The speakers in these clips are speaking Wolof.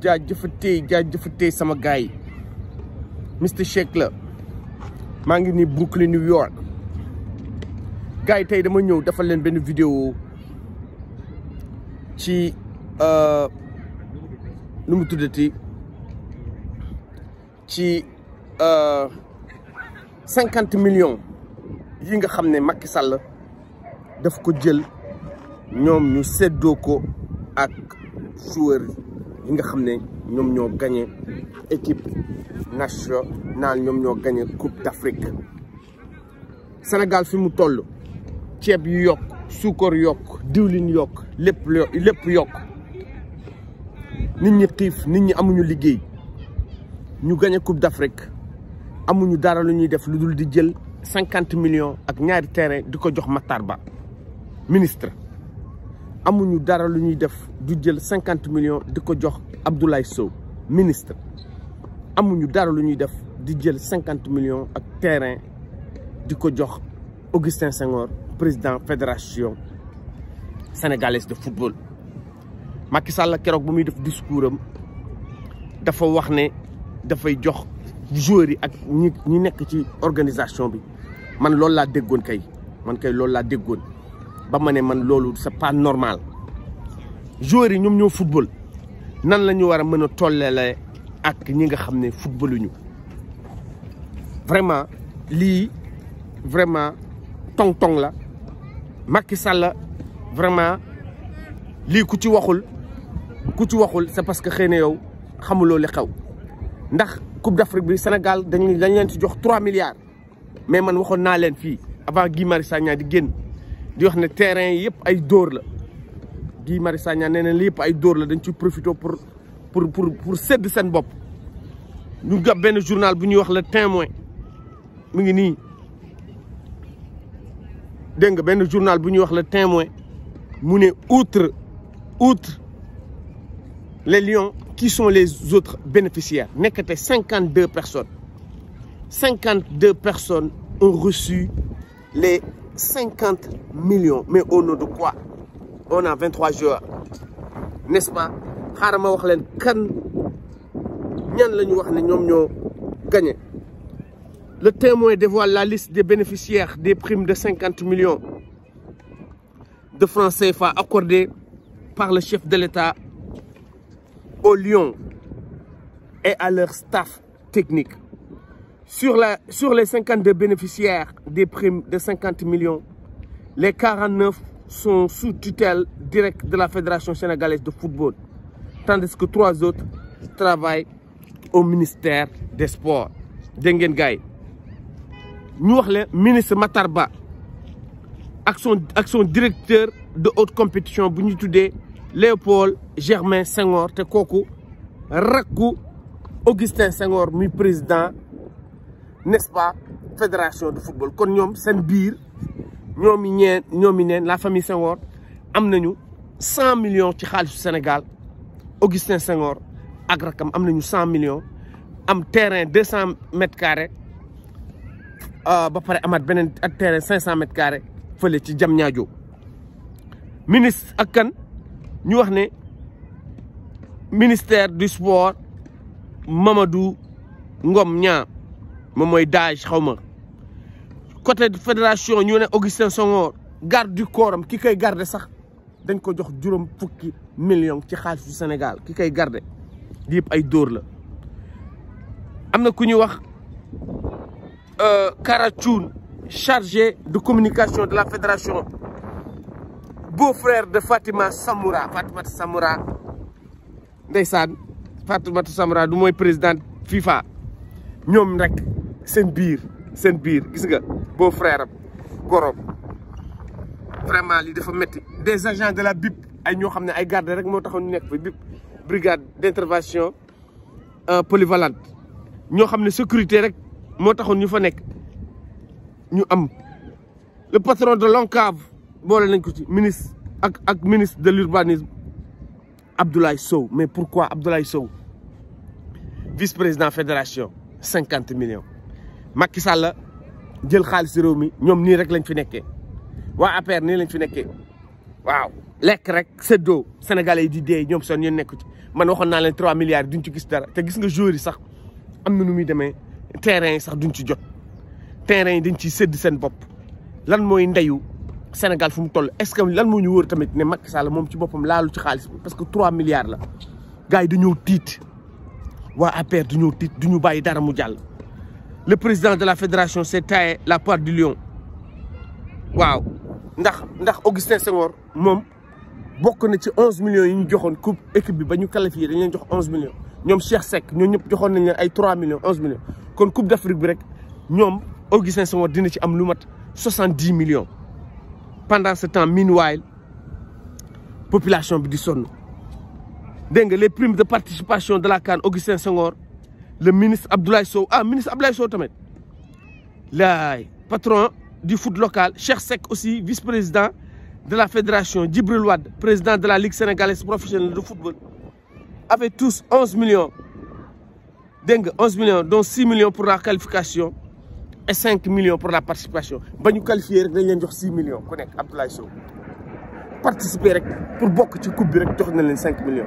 jaajëfatee jaajëfatee sama gars yi Mister Shake la maa ngi ni Brooklyn New York gars tey dama ñëw defal leen benn vidéo ci euh, nu mu tuddati ci euh, cinquante millions yi nga xam ne Macky Sall daf ko jël ñoom ñu séddoo ko ak joueurs ñi nga xamné ñom ñoo gagné équipe nationale ñom ñoo gagné coupe d'Afrique Sénégal fi mu toll ceeb yu yok suukar yok diwlin yok lepp lepp yok nit ñi xif nit ñi amuñu liggéey ñu gagné coupe d'Afrique amuñu dara lu ñuy def lu di jël 50 millions ak ñaari terrain diko jox matarba ministre amuñu dara luñuy def du jël 50 millions diko jox Abdoulaye Sow ministre amuñu dara luñuy def di jël 50 millions ak terrain diko jox Augustin Senghor président fédération sénégalaise de football Macky Sall keroog bu muy def discours dafa wax da fay jox joueurs yi ak ñi nekk ci organisation bi man lool la déggone kay man kay lool la déggone ba ma man loolu c'est pas normal joueurs yi ñoom ñoo football nan la wara mëna a mën ak ñi nga xamné ne ñu vraiment li vraiment tong-tong la Macky Sall vraiment li ku ci waxul ku ci waxul c'est parce que xéne na yow xamuloo li xaw ndax Coupe d'Afrique bi Sénégal dañu dañ leen ci jox trois milliards mais man waxon na leen fi avant Guy Sagna di génn di wax ne terrain yëpp ay dóor la di Marius Sagna nee na li ay dóor la ci profité pour pour pour pour sedd seen bopp ñu gab benn journal bu ñuy wax le témoin mu ngi nii dégg journal bu ñuy wax le témoin mu ne outre outre les lions qui sont les autres bénéficiaires nekkate cinquante 52 personnes 52 personnes ont reçu les 50 millions mais au nom de quoi on a 23 jours, n'est-ce pas le témoin dévoile la liste des bénéficiaires des primes de 50 millions de francs CFA accordées par le chef de l'État au Lyon et à leur staff technique sur, la, sur les 52 bénéficiaires des primes de 50 millions, les 49 sont sous tutelle directe de la Fédération sénégalaise de football, tandis que trois autres travaillent au ministère des Sports. Dengen Gay, Nous avons le ministre Matarba, avec son, directeur de haute compétition, Léopold Germain Senghor, Tekoko, Rakou, Augustin Senghor, mi président n'est-ce pas fédération de football kon saint bir, Nous, la famille Senghor am nañu 100 millions de au Sénégal Augustin saint ak rakam am millions am terrain deux 500 mètres carrés euh, ba pare nous terrain cinq mètres carrés ministre ak kan ministère du sport Mamadou Ngom je suis Daaj xaw ma côté fédération ñu avons Augustin Songor, garde du corps Qui ki garde sax dañ ko jox juróom de million ci sénégal. du Sénégal ki koy garde Il yëpp a dóor la am a euh, Karachoun chargé de communication de la fédération beau-frère de Fatima Samoura Fatima Samoura Fatima Samoura du président présidente FIFA ñoom rek Sainte-Bire... bir sen bir gis nga beau frère am gorom vraiment qu'il dafa metti des agents de la BIP ay ñoo xamné ay garder rek mo taxone ñu BIP brigade d'intervention euh, polyvalente ñoo xamné sécurité rek mo taxone ñu fa nek ñu am le patron de l'encave... bolé nañ ko ci ministre ak ak ministre de l'urbanisme Abdoulaye Sow mais pourquoi Abdoulaye Sow vice-président fédération 50 millions Macky Sall jël les réew mi ñoom là.. rek lañ fi nekké wa APR ni lañ fi nekké waaw lek rek sénégalais di dé ñom son ñu nekku ci man waxon n'a leen 3 milliards duñ ci gis dara té gis nga joueur yi sax amna nu muy démé terrain yi sax duñ ci jot terrain yi duñ ci sédd sen bop lan Sénégal est-ce que lan Macky Sall ci laalu ci parce que 3 milliards la gars APR duñu dara mu le président de la fédération s'est taillé la part du lion Waouh ndax ndax Augustin Senghor mom, bokk na ci 11 millions yi ñu coupe équipe bi qualifier, qualifié millions Nous Cheikh sec. nous ñëpp 3 nañ millions 11 millions coupe d'Afrique bi rek Augustin Senghor dina am millions pendant ce temps meanwhile population bi di les primes de participation de la CAN Augustin Senghor le ministre Abdoulaye Sow ah ministre Abdoulaye Sow le patron du foot local Cheikh sec aussi vice-président de la fédération Djibril président de la ligue sénégalaise professionnelle de football avec tous 11 millions Deng 11 millions dont 6 millions pour la qualification et 5 millions pour la participation Si nous qualifier 6 millions ku Abdoulaye Sow participer pour que tu coupe 5 millions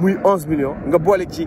oui 11 millions nga bolé ci.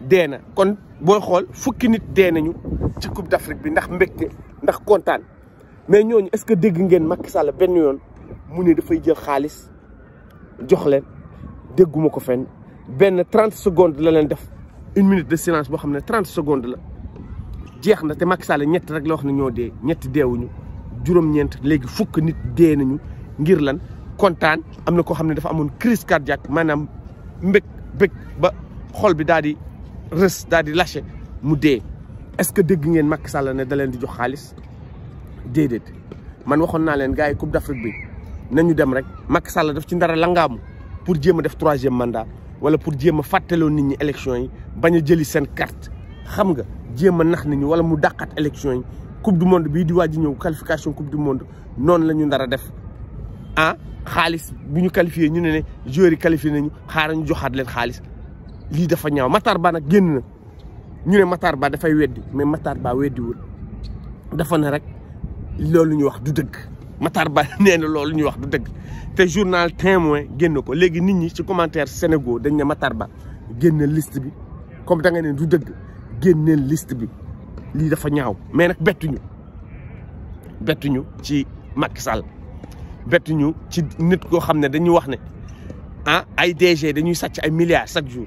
dee na kon booy xool fukki nit dee nañu ci Coupe d'Afrique bi ndax mbégte ndax kontaan mais ñooñu est-ce que dégg ngeen Macky Sall benn yoon mu ne dafay jël xaalis jox leen dégguma ko fenn benn 30 secondes la leen def une minute de silence boo xam ne 30 secondes la jeex na te Macky Sall ñett rek la wax ne ñoo dee ñetti deewuñu juróom-ñeent léegi fukk nit dee nañu ngir lan kontaan am na koo xam ne dafa amoon crise cardiaque maanaam mbég bég ba xol bi daal di. rës daal di lâché mu dee est-ce que dégg ngeen Macky Sall ne da di jox xaalis déedéet man waxoon naa leen gars yi Coupe d'Afrique bi nañu dem rek Macky Sall def ci ndara langaamu pour jéem a def troisième mandat wala pour jéem a fàttaloo nit ñi élection yi bañ a jëli seen carte xam nga jéem a nax nit ñi wala mu daqat élection yi coupe du monde bii di waaj ñëw qualification coupe du monde noonu la ñu ndara def ah xaalis bu ñu qualifié ñu ne ne joueurs yi nañu xaaral ñu joxaat leen xaalis lii dafa ñaaw Matar Ba nag génn na ñu ne Matar Ba dafay weddi mais Matar Ba weddiwul dafa ne rek loolu ñu wax du dëgg Matar Ba nee na loolu ñu wax du dëgg te journal témoin génne ko léegi nit ñi ci commentaire Sénégal dañ ne Matar Ba génneel list bi comme da nga ne du dëgg génneel list bi lii dafa ñaaw mais nag bettuñu bettuñu ci Macky Sall bettuñu ci nit koo xam ne dañuy wax ne ah ay DG dañuy sacc ay milliards chaque jour.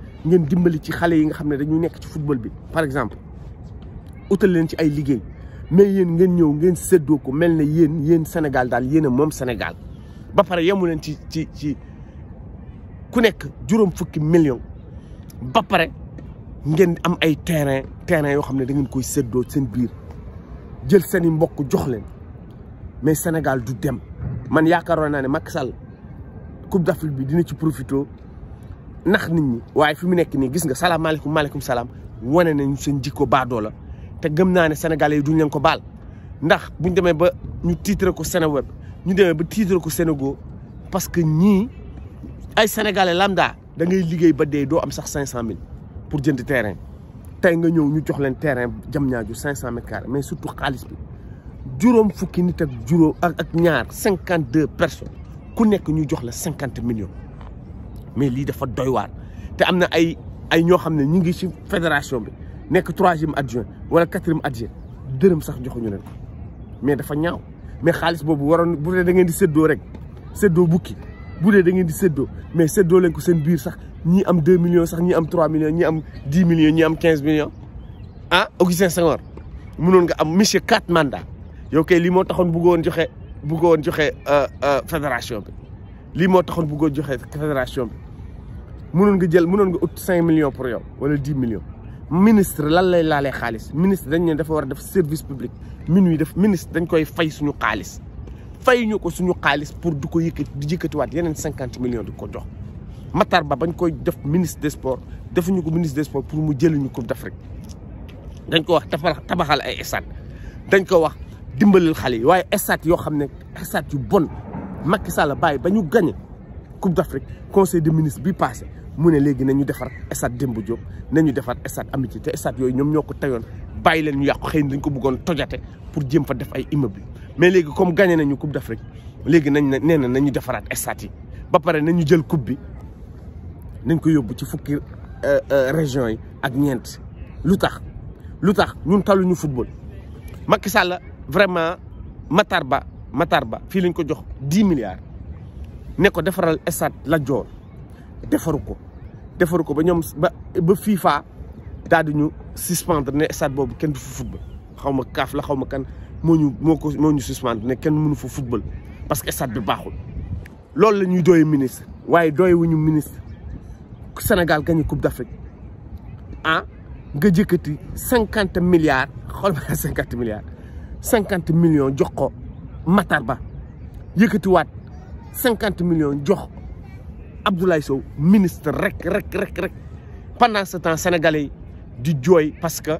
ngeen dimbali ci xale yi nga xam ne dañuy nekk ci football bi par exemple utal leen ci ay liggéey mais yéen ngeen ñëw ngeen séddoo ko mel na yéen yéen Sénégal daal yéen moom senegal ba pare yemu leen ci ci ci ku nekk juróom fukki million ba pare ngeen am ay terrain terrain yoo xam ne da ngeen koy séddoo seen biir jël seen i mbokk jox leen mais Sénégal du dem man yaakaaroon naa ne Macky Sall Coupe d'Afrique bi dina ci profité. nax nit ñi waye fi mu nekk ni gis nga salaamaaleykum maaleykum salam woné nañu seen jikko la té gëm na né sénégalais yi duñ leen ko bal ndax buñ démé ba ñu titré ko Seneweb ñu démé ba titré ko parce que ñi ay sénégalais lambda da ngay liggéey ba dé do am sax 500000 pour jënd terrain tay nga ñëw ñu jox leen terrain jam ñaaju 500 mètres carrés mais surtout xaalis bi jurom fukki nit ak ak ñaar 52 personnes ku nekk ñu jox la 50 millions. mais lii dafa doy waar te am na ay ay ñoo xam ne ñu ngi ci fédération bi nekk troisième adjoint wala quatrième adjoint dërëm sax joxuñu leen ko mais dafa ñaaw mais xaalis boobu waroon bu dee da ngeen di séddoo rek séddoo bukki bu dee da ngeen di séddoo mais séddoo leen ko seen biir sax ñii am 2 millions sax ñii am 3 millions ñii am 10 millions ñii am 15 millions ah Augustin Senghor mënoon nga am monsieur quatre mandats yow kay lii moo taxoon bëggoon joxe bëggoon joxe euh, euh, fédération bi. lii moo taxoon bëggoon joxe fédération bi mënoon nga jël mënoon cinq millions pour yow wala dix millions ministre lan lay laalee xaalis ministre dañ ne dafa war a def service public minuit def ministre dañ koy fay suñu xaalis fay ñu ko suñu xaalis pour du ko yëkkati di yëkkatiwaat yeneen cinquante millions di ko jox Matar Ba bañ koy def ministre des sports defuñu ko ministre des pour mu jëliñu coupe d'Afrique dañ ko wax tabaxal ay stade dañ ko wax dimbalil xale yi waaye stade yoo xam ne stade yu bon Macky Sall si ba gagné Coupe d'Afrique conseil des ministres bi passé mu ne nañu défar État Demba Diop nañu défar stade Amitié te stade yooyu ñoom ñoo ko faire. leen ñu dañ ko pour fa def ay mais légui comme gagné nañu Coupe d'Afrique légui nañ nañu défarat yi ba nañu jël euh, euh, région yi ak ñent lutax lutax nous, football Macky Sall vraiment matarba. Matarba... fi liñ milliards ne ko defaral La Dior ko ko ba ñom ba FIFA daal di suspendre ne stade kenn du football xawma kaf la xawma kan moñu suspendre ne kenn mënu football parce que bi la ñuy ministre wuñu ministre Sénégal gagné Coupe d'Afrique ah 50 milliards xol milliards 50 millions jox il Ba yëkkatiwaat 50 millions jox Abdoulaye Sow ministre rek rek rek rek pendant ce temps sénégalais yi di jooy parce que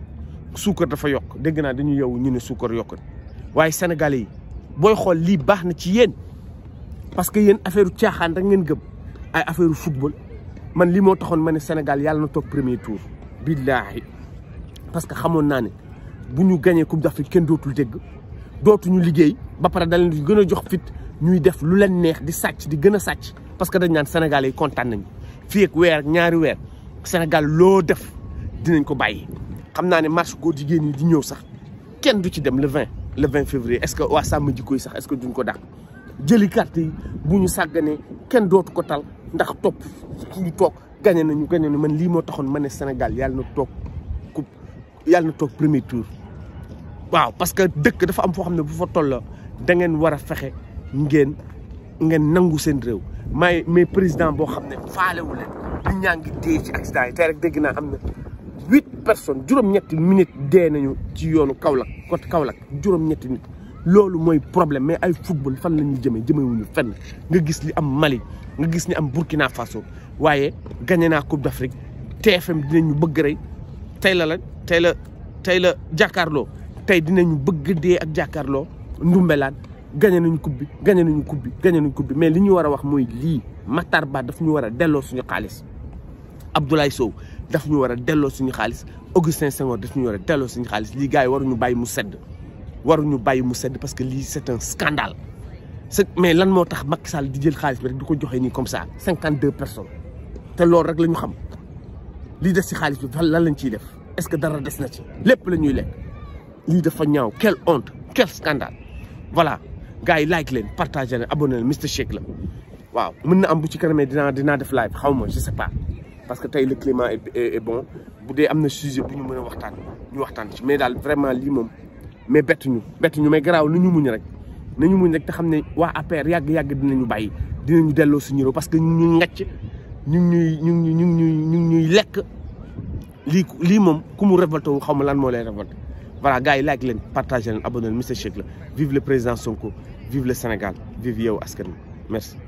suukar dafa yokk dégg naa dañu yow ñu ne suukar yokk waaye sénégalais Si booy xool lii baax na ci parce que avez des affaires rek ngeen gëm ay de football man li moo taxoon ma Sénégal yàlla na toog premier tour. Billahi. parce que xamoon naa ne bu ñu la coupe d'Afrique kenn dootul dégg dootuñu liggéey. ba pare da di gën a jox fit ñuy def lu leen neex di sàcc di gën a sàcc parce que dañ naan Sénégal yi kontaan nañu fii weer ñaari weer Sénégal loo def dinañ ko bàyyi. xam naa ne marche koo jigéen yi di ñëw sax kenn du ci dem le 20 le 20 février est-ce que waa sàmm jikko yi sax est-ce que duñ ko dàq jëli carte yi bu ñu sàgganee kenn dootu ko tal ndax topp ñu toog gañe nañu gañe na man lii moo taxoon ma ne Sénégal yàlla na toog coupe yàlla na toog premier tour waaw parce que dëkk dafa foo xam ne bu fa toll da ngeen war a fexe ngeen ngeen nangu seen réew may mais président boo xam ne faalewu leen du ñaa ngi dee ci accident yi tey rek dégg naa am na huit personnes juróom-ñetti minute dee nañu ci yoonu Kaolack côté Kaolack juróom-ñetti loolu mooy problème mais ay football fan lañu ñuy jëmee jëmewuñu fenn nga gis li am Mali nga gis ni am Burkina Faso waaye gagné naa Coupe d'Afrique TFM dinañu bëgg rey tey la la tey la tey la jàkkaarloo tey dinañu bëgg dee ak jàkkaarloo ndumbelaan gañe nañu coupe bi gañe nañu coupe bi gañe nañu bi mais li ñu war a wax mooy lii Matar Ba daf ñu war a delloo suñu xaalis Abdoulaye Sow daf ñu war a delloo suñu xaalis Augustin Senghor daf ñu war a delloo suñu xaalis lii gars yi ñu bàyyi mu sedd ñu bàyyi mu sedd parce que lii c'est un scandale mais lan moo tax Macky Sall di jël xaalis bi rek di ko joxe nii comme sa cinquante deux personnes te loolu rek la ñu xam lii des si xaalis bi fan lan lañ ciy def est-ce que dara des na ci lépp la ñuy lekk lii dafa ñaaw quelle honte quel scandale voilà gars like vous partagé abonné Mister Shake la waaw na am bu ci live je sais pas parce que le climat est bon sommes sujet bu ñu ñu mais vraiment mais nous Nous ñu muñ rek muñ nous Nous sommes nous suñu parce que nous ñuy nous ñu Nous, ñuy nous, nous ñu nous ñuy nous nous sommes ku mu révolté lan lay révolté voilà gars like partagez abonnez-vous, abonnez vive le président Sonko vive le Sénégal vive Yo askan merci